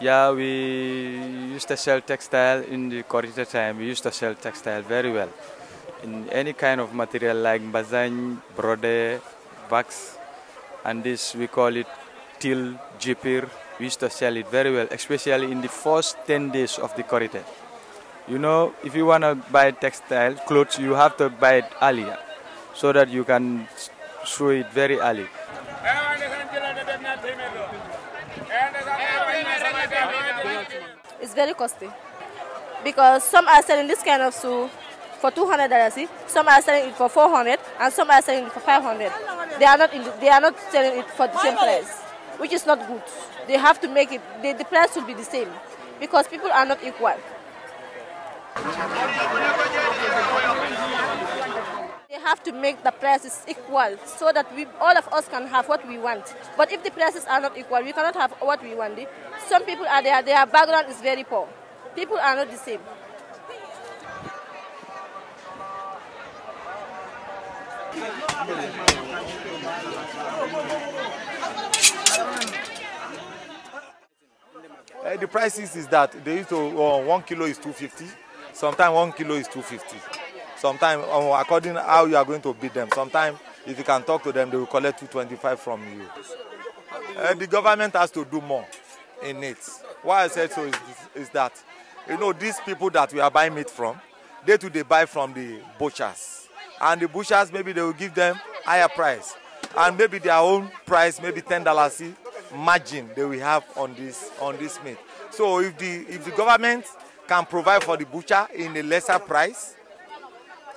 Yeah, we used to sell textile in the corridor time. We used to sell textile very well. In any kind of material like bazan, brode, wax, and this we call it till jipir. We used to sell it very well, especially in the first 10 days of the corridor. You know, if you want to buy textile clothes, you have to buy it earlier so that you can show it very early. It's very costly because some are selling this kind of shoe for two hundred dollars, some are selling it for four hundred, and some are selling it for five hundred. They are not the, they are not selling it for the same price, which is not good. They have to make it they, the price should be the same because people are not equal have to make the prices equal so that we, all of us can have what we want. But if the prices are not equal, we cannot have what we want. Some people are there, their background is very poor. People are not the same. Uh, the prices is that they used to uh, one kilo is 250 sometimes one kilo is 250 Sometimes, um, according how you are going to beat them, sometimes if you can talk to them, they will collect 225 from you. Uh, the government has to do more in it. Why I said so is, is that, you know, these people that we are buying meat from, they too they buy from the butchers. And the butchers, maybe they will give them higher price. And maybe their own price, maybe $10 margin they will have on this, on this meat. So if the, if the government can provide for the butcher in a lesser price,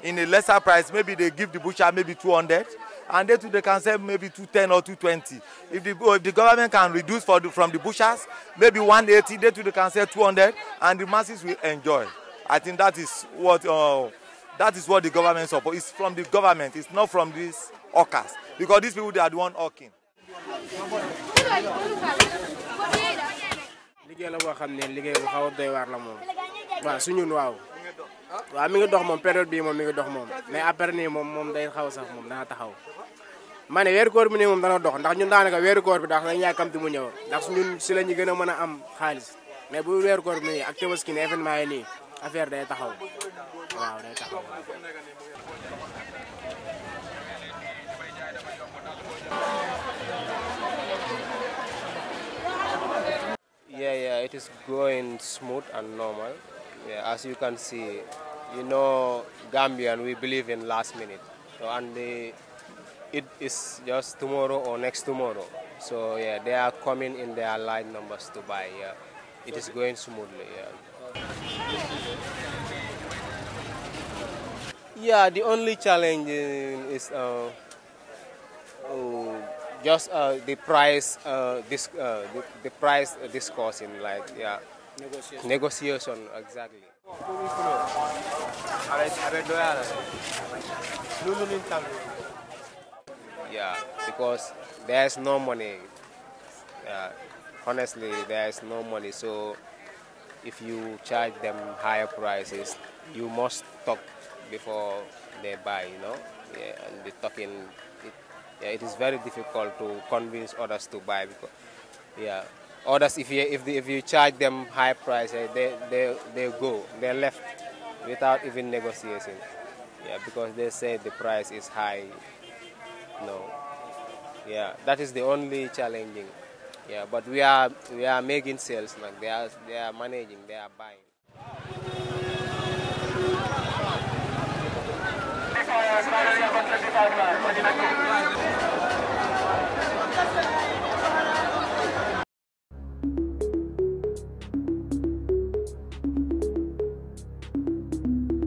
in a lesser price. Maybe they give the butcher maybe 200 and they too they can sell maybe 210 or 220. If the, if the government can reduce for the, from the butchers maybe 180, they too they can sell 200 and the masses will enjoy. I think that is what uh, that is what the government support. It's from the government. It's not from these hawkers because these people they are the one hawking. liggéey la boo xam ne bu xaw doy waar la moom waaw su waaw wa mi ngi dox mom période bi mom mi ngi dox mom mais après ni mom mom day xaw sax moom dana taxaw mané wér koor bi nii moom dana dox ndax ñun daanaka wér koor bi ndax dañu yàkkamti mu ñëw ndax ñun ci lañu gëna mëna am xaaliss mais bu wér koor bi ak téwas ki ni événement yi ni affaire day taxaw waaw day taxaw. Yeah, yeah, it is going smooth and normal. Yeah, as you can see, you know, Gambian, we believe in last minute. So, and the, it is just tomorrow or next tomorrow. So, yeah, they are coming in their line numbers to buy. Yeah. It is going smoothly. Yeah. Yeah, the only challenge is uh, uh, just uh, the price, uh, this, uh, the, the price discussing, like, yeah. Negotiation. Negotiation, exactly. Yeah, because there's no money. Uh, honestly, there's no money. So if you charge them higher prices, you must talk before they buy, you know? Yeah, and the talking, it, yeah, it is very difficult to convince others to buy because, yeah. Others, if you, if, if you charge them high price, eh, they, they, they go, they left without even negotiating. Yeah, because they say the price is high. No. Yeah, that is the only challenging. Yeah, but we are, we are making sales, like they are, they are managing, they are buying.